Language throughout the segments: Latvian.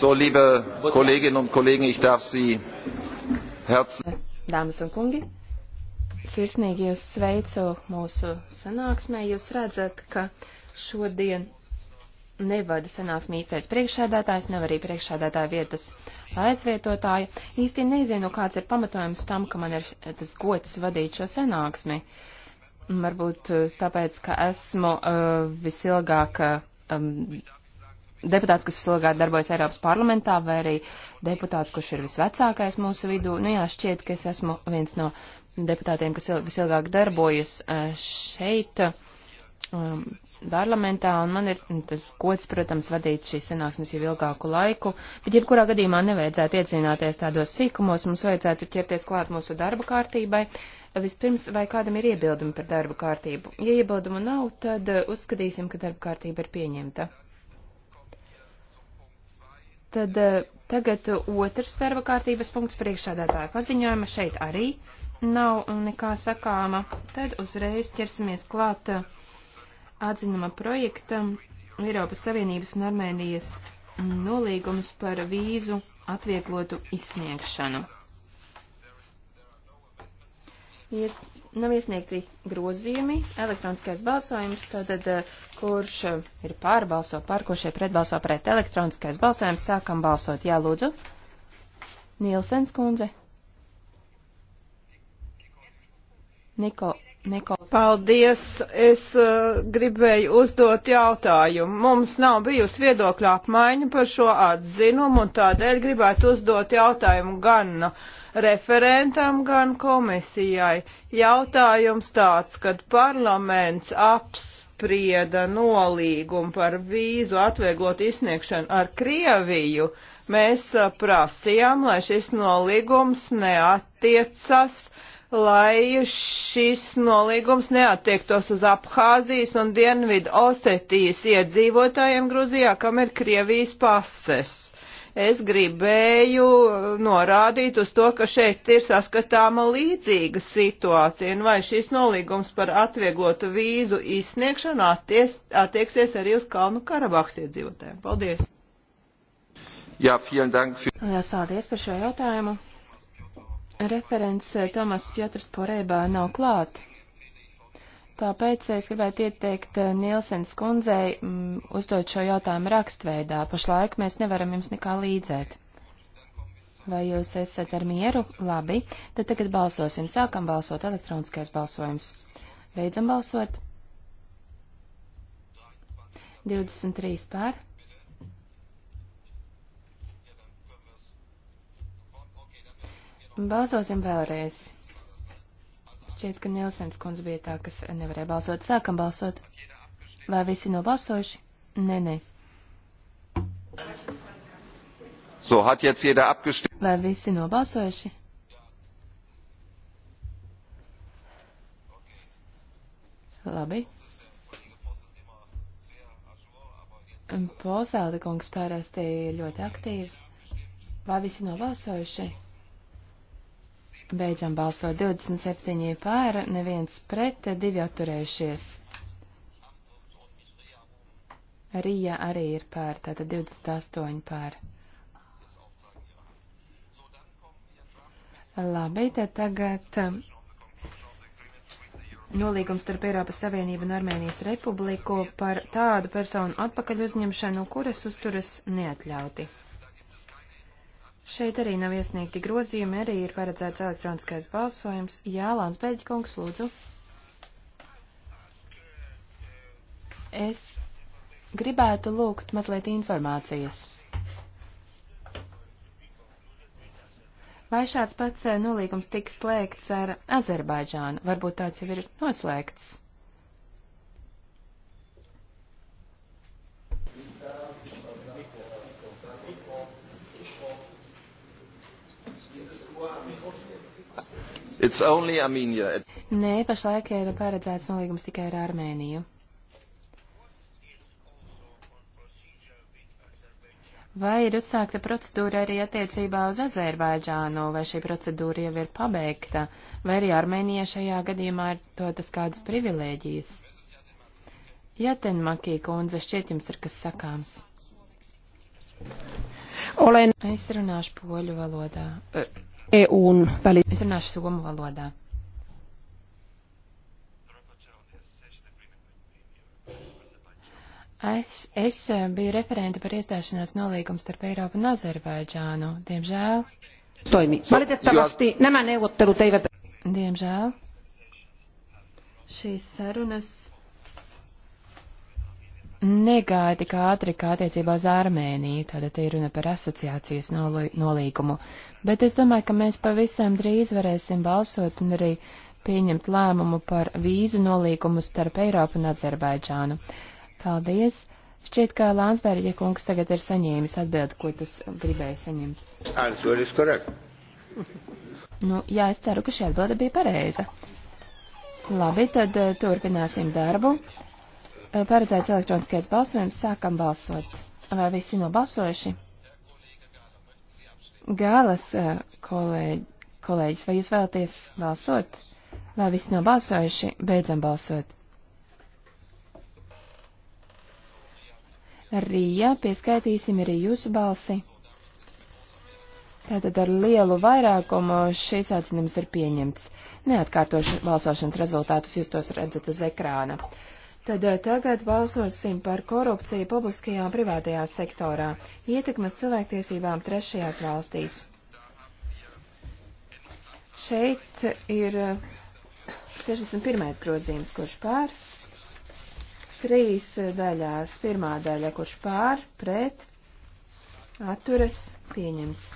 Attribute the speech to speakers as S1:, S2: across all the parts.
S1: So, liebe Kolleginnen und Kollegen, ich darf Sie herzlich. Dāmas un kungi, sirsnīgi jūs sveicu mūsu sanāksmē. Jūs redzat, ka šodien nevada sanāksmē īstais priekšsēdētājs, nevar arī priekšsēdētāja vietas aizvietotāja. Īsti nezinu, kāds ir pamatojums tam, ka man ir tas gods vadīt šo sanāksmi. Varbūt eh, tāpēc, ka esmu uh, visilgāk um, deputāts, kas ilgāk darbojas Eiropas parlamentā, vai arī deputāts, kurš ir visvecākais mūsu vidū. Nu jā, šķiet, ka es esmu viens no deputātiem, kas visilgāk darbojas eh, šeit um, parlamentā, un man ir tas gods, protams, vadīt šīs sanāksmes jau ilgāku laiku, bet jebkurā gadījumā nevajadzētu iedzināties tādos sīkumos, mums vajadzētu ķerties klāt mūsu darba kārtībai. Vispirms, vai kādam ir iebildumi par darba kārtību? Ja iebildumu nav, tad eh, uzskatīsim, ka darba kārtība ir pieņemta. Tad eh, tagad otrs darba kārtības punkts priekšādātāja paziņojuma šeit arī nav nekā sakāma. Tad uzreiz ķersimies klāt eh, atzinuma projektam Eiropas Savienības un Armēnijas nolīgums par vīzu atvieglotu izsniegšanu. Ies, Nav iesniegti grozījumi, elektroniskais balsojums, tātad eh, kurš eh, ir pār balso par, kurš ir pret balso pret elektroniskais balsojums, sākam balsot. Jā, lūdzu. Nielsens kundze. Niko, Nikols. Paldies. Es uh, gribēju uzdot jautājumu. Mums nav bijusi viedokļa apmaiņa par šo atzinumu, un tādēļ gribētu uzdot jautājumu gan. Uh, referentam, gan komisijai. Jautājums tāds, kad parlaments apsprieda nolīgumu par vīzu atvieglot izsniegšanu ar Krieviju, mēs uh, prasījām, lai šis nolīgums neatiecas lai šis nolīgums neattiektos uz Abhāzijas un Dienvidu Osetijas iedzīvotājiem Gruzijā, kam ir Krievijas pases es gribēju uh, norādīt uz to, ka šeit ir saskatāma līdzīga situācija, un vai šis nolīgums par atvieglotu vīzu izsniegšanu atties, attieksies arī uz Kalnu Karabahas iedzīvotājiem. Paldies! Jā, dank für... Lielas paldies par šo jautājumu. Referents eh, Tomas Piotrs Porēbā nav klāt. Tāpēc es gribētu ieteikt eh, Nielsens kundzei m, mm, uzdot šo jautājumu rakstveidā. Pašlaik mēs nevaram jums nekā līdzēt. Vai jūs esat ar mieru? Labi. Tad tagad balsosim. Sākam balsot elektroniskais balsojums. Beidzam balsot. 23 pār. Balsosim vēlreiz. Šķiet, ka Nielsens kundze bija tā, kas nevarēja balsot. Sākam balsot. Vai visi nobalsojuši? Nē, nē. So, hat jetzt jeder abgestimmt? Vai visi nobalsojuši? Labi. Pozāli kungs parasti ļoti aktīvs. Vai visi nobalsojuši? Beidzam balsot 27 pār, neviens pret, divi atturējušies. Rija arī ir pār, tātad 28 pār. Labi, tad tagad um, nolīgums starp Eiropas Savienību un Armēnijas Republiku par tādu personu atpakaļ uzņemšanu, kuras uzturas neatļauti. Šeit arī nav iesniegti grozījumi, arī ir paredzēts elektroniskais balsojums. Jā, Lāns Beļģikungs, lūdzu. Es gribētu lūgt mazliet informācijas. Vai šāds pats nolīgums tiks slēgts ar Azerbaidžānu? Varbūt tāds jau ir noslēgts. It's only Armenia. Nē, pašlaik ir paredzēts nolīgums tikai ar Armēniju. Vai ir uzsākta procedūra arī attiecībā uz Azerbaidžānu, vai šī procedūra jau ir pabeigta, vai arī Armēnija šajā gadījumā ir dotas kādas privilēģijas? Jātenmakī kundze, šķiet jums ir kas sakāms. Olen. Es runāšu poļu valodā. Uh. EUn välillä. Es runāšu somu valodā. Es, es eh, biju referente par iestāšanās nolīgumu starp Eiropu un Azerbaidžānu. Diemžēl. Toimi. Valitettavasti nämä neuvottelut eivät. Diemžēl. Šīs sarunas negaidi kā ātri kā attiecībā uz Armēniju, tātad te ir runa par asociācijas nolīgumu, bet es domāju, ka mēs pavisam drīz varēsim balsot un arī pieņemt lēmumu par vīzu nolīgumu starp Eiropu un Azerbaidžānu. Paldies! Šķiet, ka Lānsbērģa kungs tagad ir saņēmis atbildi, ko tas gribēja saņemt. Nu, jā, es ceru, ka šī atbilde bija pareiza. Labi, tad eh, turpināsim darbu. Eh, paredzēts elektroniskais balsojums. Sākam balsot. Vai visi nobalsojuši? Gālas eh, kolēģi, kolēģis, vai jūs vēlaties balsot? Vai visi nobalsojuši? Beidzam balsot. Rija, pieskaitīsim arī jūsu balsi. Tātad ar lielu vairākumu šīs aicinājums ir pieņemts. Neatkārtošu balsošanas rezultātus, jūs tos redzat uz ekrāna. Tad eh, tagad balsosim par korupciju publiskajā un privātajā sektorā, ietekmes cilvēktiesībām trešajās valstīs. Šeit ir 61. Eh, grozījums, kurš pār, trīs daļās, pirmā daļa, kurš pār, pret, atturas, pieņemts.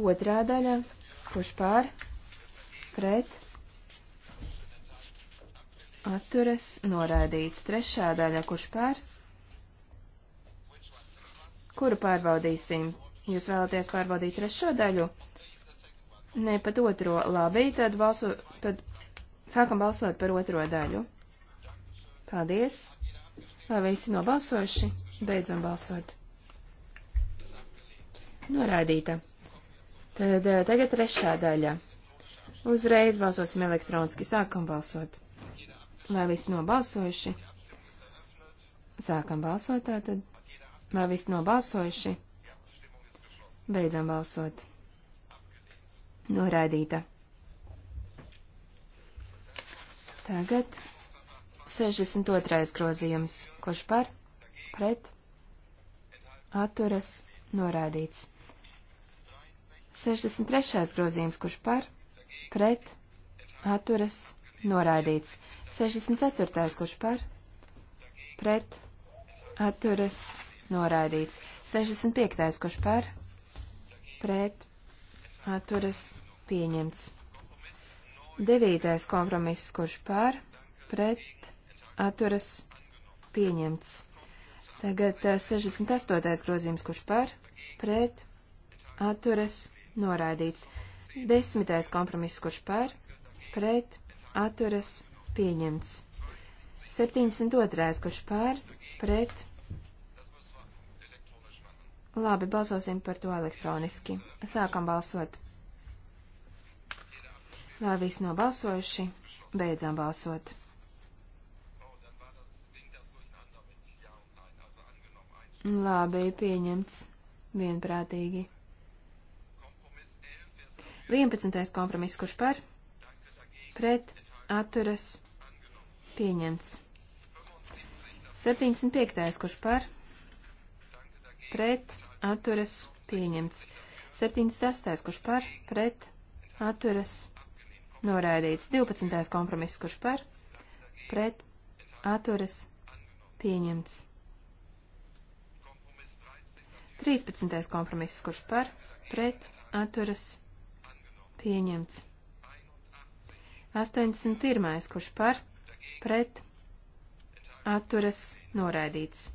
S1: Otrā daļa, kurš pār, pret, atturas noraidīts. Trešā daļa, kurš pār? Kuru pārbaudīsim? Jūs vēlaties pārbaudīt trešo daļu? Nē, pat otro. Labi, tad, balso, tad sākam balsot par otro daļu. Paldies! Vai visi nobalsojuši? Beidzam balsot. Norādīta. Tad eh, tagad trešā daļa. Uzreiz balsosim elektroniski. Sākam balsot. Vai visi nobalsojuši? Sākam balsot tātad. Vai visi nobalsojuši? Beidzam balsot. Noraidīta. Tagad 62. grozījums. Kurš par? Pret? Atturas? Noraidīts. 63. grozījums. Kurš par? Pret? Atturas? Noraidīts. 64. kurš par? Pret. Atturas. Noraidīts. 65. kurš par? Pret. Atturas. Pieņemts. 9. kompromiss kurš par? Pret. Atturas. Pieņemts. Tagad 68. Uh, grozījums kurš par? Pret. Atturas. Noraidīts. 10. kompromiss kurš par? Pret atturas pieņemts. 72. kurš pār, pret. Labi, balsosim par to elektroniski. Sākam balsot. Lai visi nobalsojuši, beidzam balsot. Labi, pieņemts. Vienprātīgi. 11. kompromiss, kurš par? Pret atturas pieņemts. 75. kurš par pret atturas pieņemts. 76. kurš par pret atturas noraidīts. 12. kompromiss kurš par pret atturas pieņemts. 13. kompromiss kurš par pret atturas pieņemts. 81. kurš par pret atturas noraidīts.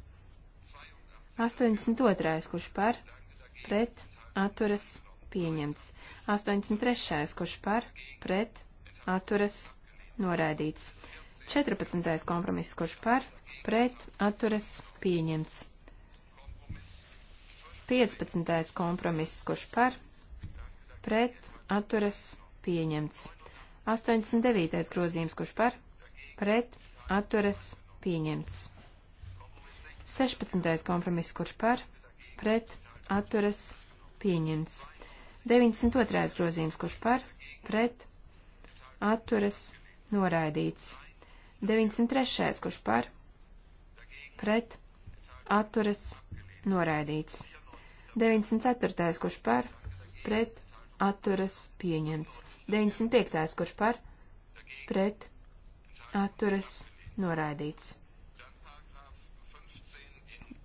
S1: 82. kurš par pret atturas pieņemts. 83. kurš par pret atturas noraidīts. 14. kompromiss, kurš par pret atturas pieņemts. 15. kompromiss, kurš par pret atturas pieņemts. 89. grozījums, kurš par, pret, atturas, pieņemts. 16. kompromiss, kurš par, pret, atturas, pieņemts. 92. grozījums, kurš par, pret, atturas, noraidīts. 93. kurš par, pret, atturas, noraidīts. 94. kurš par, pret, atturas pieņemts. 95. kurš par pret atturas noraidīts.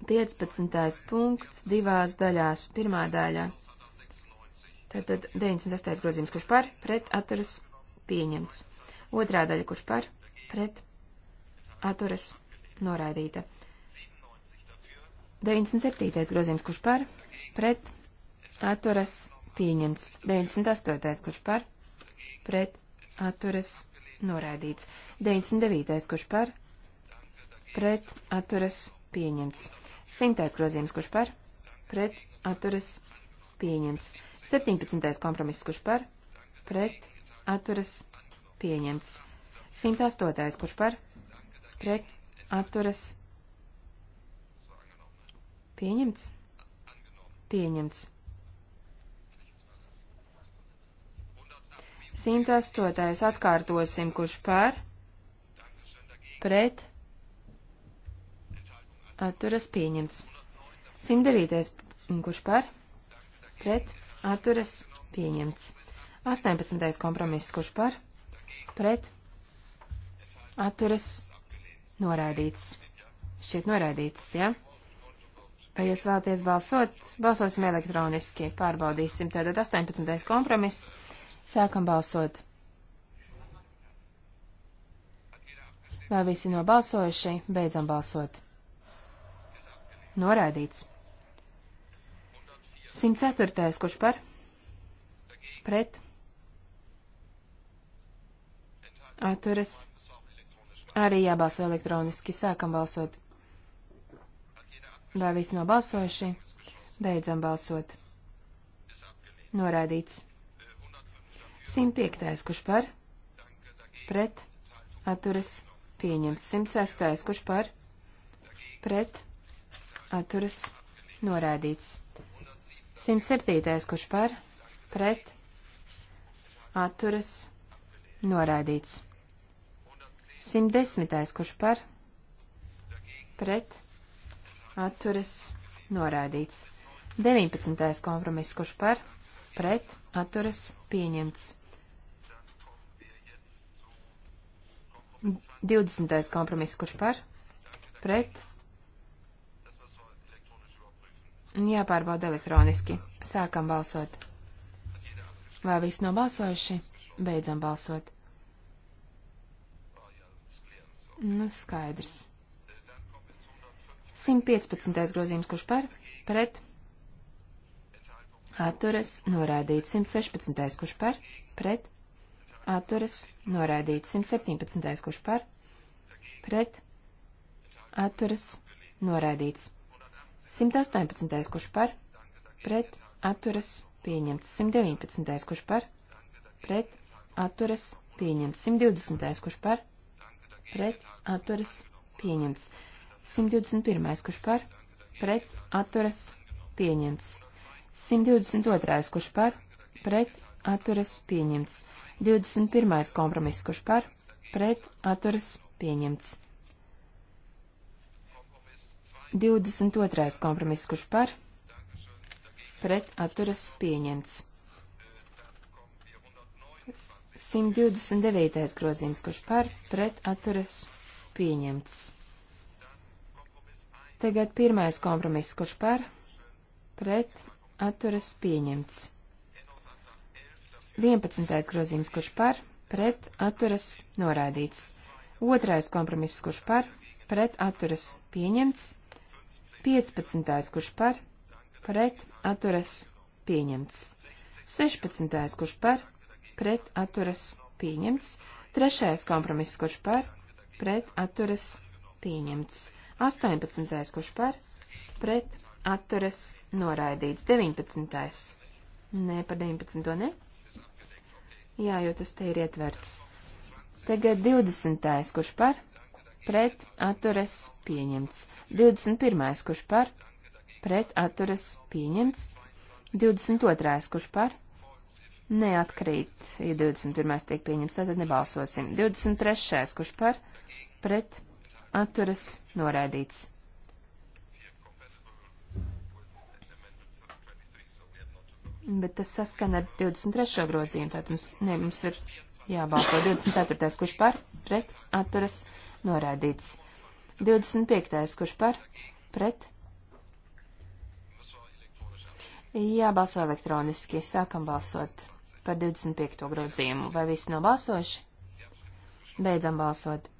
S1: 15. punkts divās daļās. Pirmā daļā. Tātad 98. grozījums, kurš par pret atturas pieņemts. Otrā daļa, kurš par pret atturas noraidīta. 97. grozījums, kurš par pret atturas pieņemts pieņemts. 98. kurš par, pret, atturas, noraidīts. 99. kurš par, pret, atturas, pieņemts. 100. grozījums, kurš par, pret, atturas, pieņemts. 17. kompromiss, kurš par, pret, atturas, pieņemts. 108. kurš par, pret, atturas, pieņemts. Pieņemts. 108. atkārtosim, kurš par, pret, atturas pieņemts. 109. kurš par, pret, atturas pieņemts. 18. kompromiss, kurš par, pret, atturas noraidīts. Šķiet noraidīts, jā? Ja? Vai jūs vēlaties balsot? Balsosim elektroniski, pārbaudīsim. Tātad 18. kompromiss. Sākam balsot. Vai visi nobalsojuši? Beidzam balsot. Noraidīts. 104. Kurš par? Pret. Atturas. Arī jābalso elektroniski. Sākam balsot. Vai visi nobalsojuši? Beidzam balsot. Noraidīts. 105. kurš par, pret, atturas, pieņemts. 106. kurš par, pret, atturas, noraidīts. 107. kurš par, pret, atturas, noraidīts. 110. kurš par, pret, atturas, noraidīts. 19. kompromiss, kurš par, pret, atturas, pieņemts. 20. kompromiss, kurš par? Pret? Jāpārbauda elektroniski. Sākam balsot. Vai viss nobalsojuši? Beidzam balsot. Nu, skaidrs. 115. grozījums, kurš par? Pret? Atturas, norādīts. 116. kurš par? Pret? atturas noraidīts. 117. kurš par pret atturas noraidīts. 118. kurš par pret atturas pieņemts. 119. kurš par pret atturas pieņemts. 120. kurš par pret atturas pieņemts. 121. kurš par, pret, atturas, pieņemts. 122. kurš par, pret, atturas, pieņemts. 21. kompromiss, kurš par, pret, atturas, pieņemts. 22. kompromiss, kurš par, pret, atturas, pieņemts. 129. grozījums, kurš par, pret, atturas, pieņemts. Tagad pirmais kompromiss, kurš par, pret, atturas, pieņemts. 11. grozījums, kurš par, pret, atturas, noraidīts. Otrais kompromiss, kurš par, pret, atturas, pieņemts. 15. kurš par, pret, atturas, pieņemts. 16. kurš par, pret, atturas, pieņemts. Trešais kompromiss, kurš par, pret, atturas, pieņemts. 18. kurš par, pret, atturas, noraidīts. 19. Nē, par 19. ne. Jā, jo tas te ir ietverts. Tagad 20. kurš par, pret atturas pieņemts. 21. kurš par, pret atturas pieņemts. 22. kurš par, neatkrīt, ja 21. tiek pieņemts, tad nebalsosim. 23. kurš par, pret atturas noraidīts. Bet tas saskana ar 23. grozījumu, tātad mums, ne, mums ir jābalso 24. kurš par, pret, atturas, norādīts. 25. kurš par, pret. Jābalso elektroniski, sākam balsot par 25. grozījumu. Vai visi nav balsojuši? Beidzam balsot.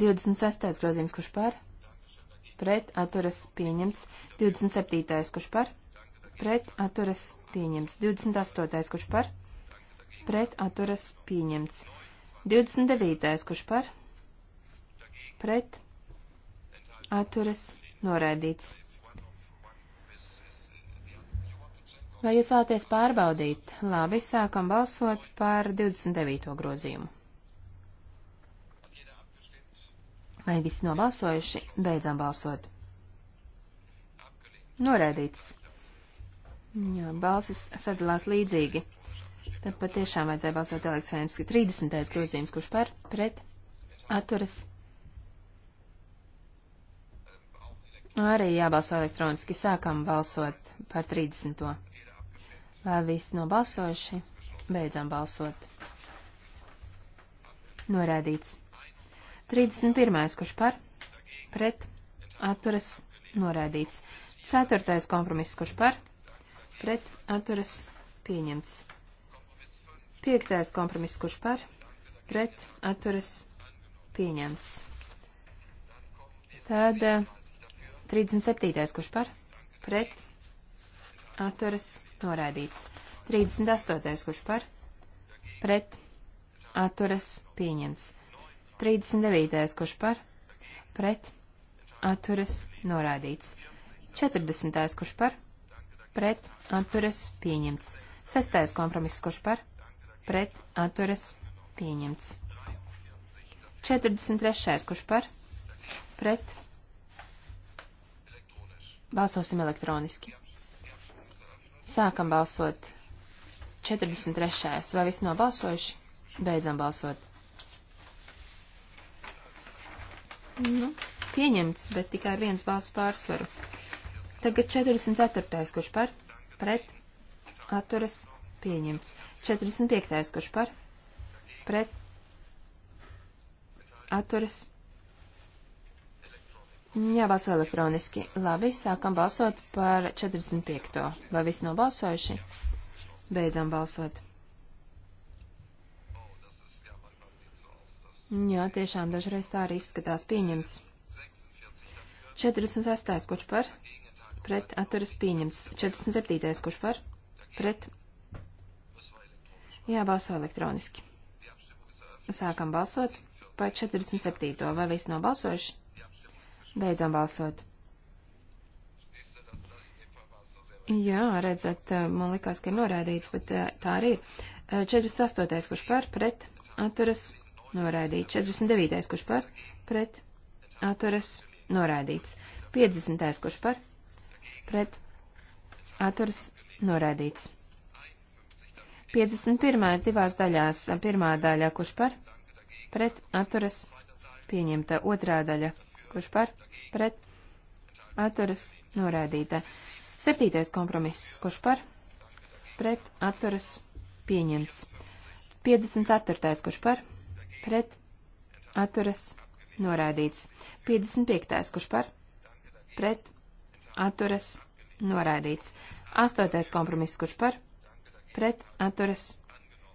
S1: 26. grozījums, kurš par, pret atturas pieņemts. 27. kurš par, pret atturas pieņemts. 28. kurš par, pret atturas pieņemts. 29. kurš par, pret atturas noraidīts. Vai jūs vēlaties pārbaudīt? Labi, sākam balsot par 29. grozījumu. Vai visi nobalsojuši? Beidzam balsot. Noraidīts. Jā, balsis sadalās līdzīgi. Tad patiešām vajadzēja balsot elektroniski. 30. grozījums, kurš par, pret, atturas. Arī jābalso elektroniski. Sākam balsot par 30. Vai visi nobalsojuši? Beidzam balsot. Norādīts. 31. kurš par, pret, atturas, noraidīts. 4. kompromiss, kurš par, pret, atturas, pieņemts. 5. kompromiss, kurš par, pret, atturas, pieņemts. Tad 37. Eh, kurš par, pret, atturas, noraidīts. 38. kurš par, pret, atturas, pieņemts. 39. kurš par, pret, atturas, norādīts. 40. kurš par, pret, atturas, pieņemts. 6. kompromiss kurš par, pret, atturas, pieņemts. 43. kurš par, pret, balsosim elektroniski. Sākam balsot. 43. Vai visi nobalsojuši? Beidzam balsot. Nu, pieņemts, bet tikai ar viens balss pārsvaru. Tagad 44. kurš par, pret, atturas, pieņemts. 45. kurš par, pret, atturas. Jābalso elektroniski. Labi, sākam balsot par 45. Vai visi nobalsojuši? Beidzam balsot. Jā, tiešām dažreiz tā arī izskatās pieņemts. 46. kurš par? Pret atturas pieņemts. 47. kurš par? Pret. Jā, balso elektroniski. Sākam balsot par 47. Vai visi nobalsojuši? Beidzam balsot. Jā, redzat, man likās, ka ir norādīts, bet eh, tā arī ir. 48. Eh, kurš par? Pret atturas pieņemts noraidīts. 49. kurš par, pret, atturas, noraidīts. 50. kurš par, pret, atturas, noraidīts. 51. divās daļās, pirmā daļā, kurš par, pret, atturas, pieņemta, otrā daļa, kurš par, pret, atturas, noraidīta. 7. kompromiss, kurš par, pret, atturas, pieņemts. 54. kurš par, pret atturas noraidīts. 55. kurš par pret atturas noraidīts. 8. kompromiss kurš par pret atturas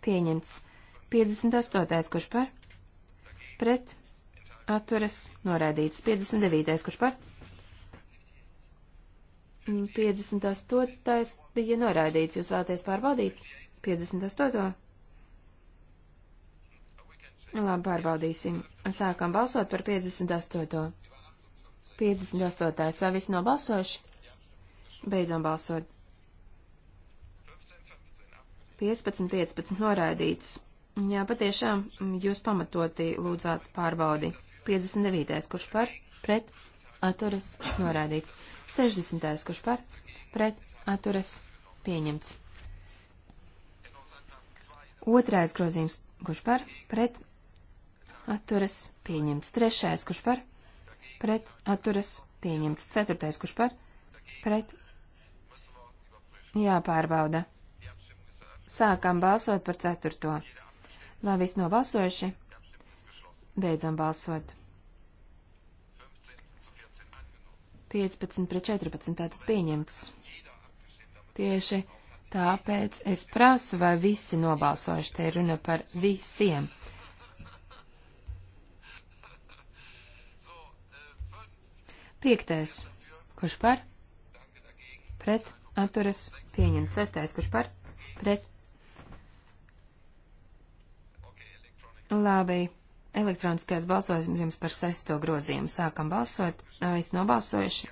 S1: pieņemts. 58. kurš par pret atturas noraidīts. 59. kurš par 58. bija noraidīts. Jūs vēlaties pārbaudīt 58. Labi, pārbaudīsim. Sākam balsot par 58. 58. Vai viss nav balsojuši? Beidzam balsot. 15, 15 noraidīts. Jā, patiešām mm, jūs pamatoti lūdzāt pārbaudi. 59. kurš par, pret, atturas, noraidīts. 60. kurš par, pret, atturas, pieņemts. Otrais grozījums, kurš par, pret, atturas pieņemts. Trešais, kurš par pret atturas pieņemts. Ceturtais, kurš par pret jāpārbauda. Sākam balsot par ceturto. Lai viss nobalsojuši, beidzam balsot. 15 pret 14 tātad pieņemts. Tieši tāpēc es prasu, vai visi nobalsojuši, te runa par visiem. Piektais. Kurš par? Pret. Atturas. Pieņemts. Sestais. Kurš par? Pret. Labi. Elektroniskais balsojums jums par sesto grozījumu. Sākam balsot. Visi nobalsojuši.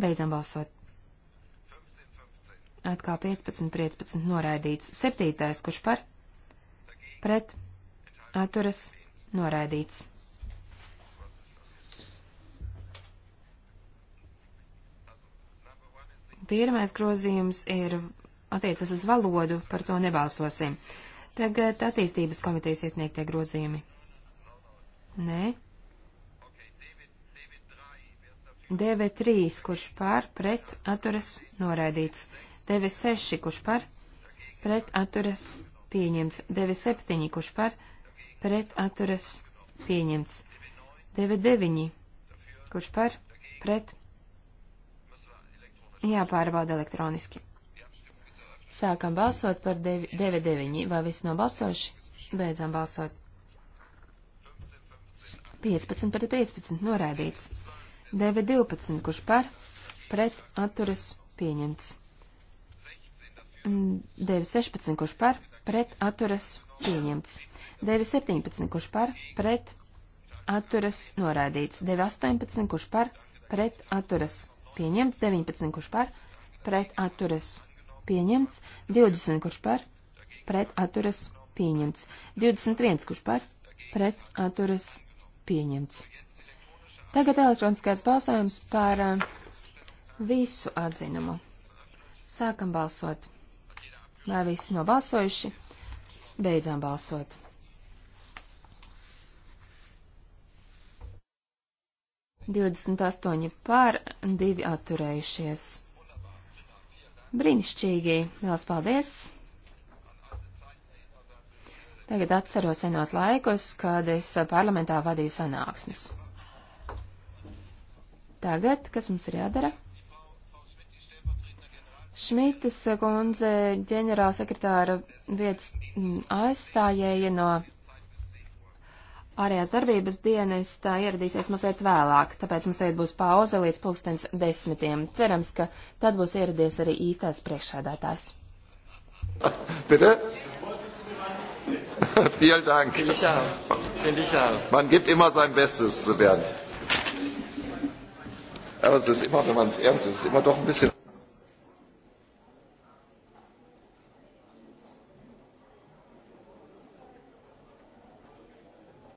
S1: Beidzam balsot. Atkal 15, 15 noraidīts. Septītais. Kurš par? Pret. Atturas. Noraidīts. Pirmais grozījums ir attiecas uz valodu, par to nebalsosim. Tagad attīstības komitejas iesniegtie grozījumi. Nē. DV3, kurš pār, pret, atturas, noraidīts. DV6, kurš par, pret, atturas, pieņemts. DV7, kurš par, pret, atturas, pieņemts. DV9, kurš par, pret, Jāpārbauda elektroniski. Sākam balsot par 99. Vai viss nobalsoši? Beidzam balsot. 15 pret 15 norādīts. 9.12. Kurš par? Pret atturas pieņemts. 9.16. Kurš par? Pret atturas pieņemts. 9.17. Kurš par? Pret atturas norādīts. 9.18. Kurš par? Pret atturas pieņemts, 19, kurš par, pret atturas pieņemts, 20, kurš par, pret atturas pieņemts, 21, kurš par, pret atturas pieņemts. Tagad elektroniskais balsojums par uh, visu atzinumu. Sākam balsot. Vai visi nobalsojuši? Beidzām balsot. 28 par, 2 atturējušies. Brīnišķīgi! Lielas paldies! Tagad atceros senos laikus, kad es parlamentā vadīju sanāksmes. Tagad, kas mums ir jādara? Šmitas kundze ģenerālsekretāra vietas mm, aizstājēja no ārējās darbības dienas tā ieradīsies mazliet vēlāk, tāpēc mums tagad būs pauze līdz pulkstens desmitiem. Cerams, ka tad būs ieradies arī īstās priekšsēdētājs. Bitte? Vielen Dank. Finde ich auch. Finde ich auch. Man gibt immer sein Bestes, Bernd. Aber es ist immer, wenn man es ernst ist, immer doch ein bisschen.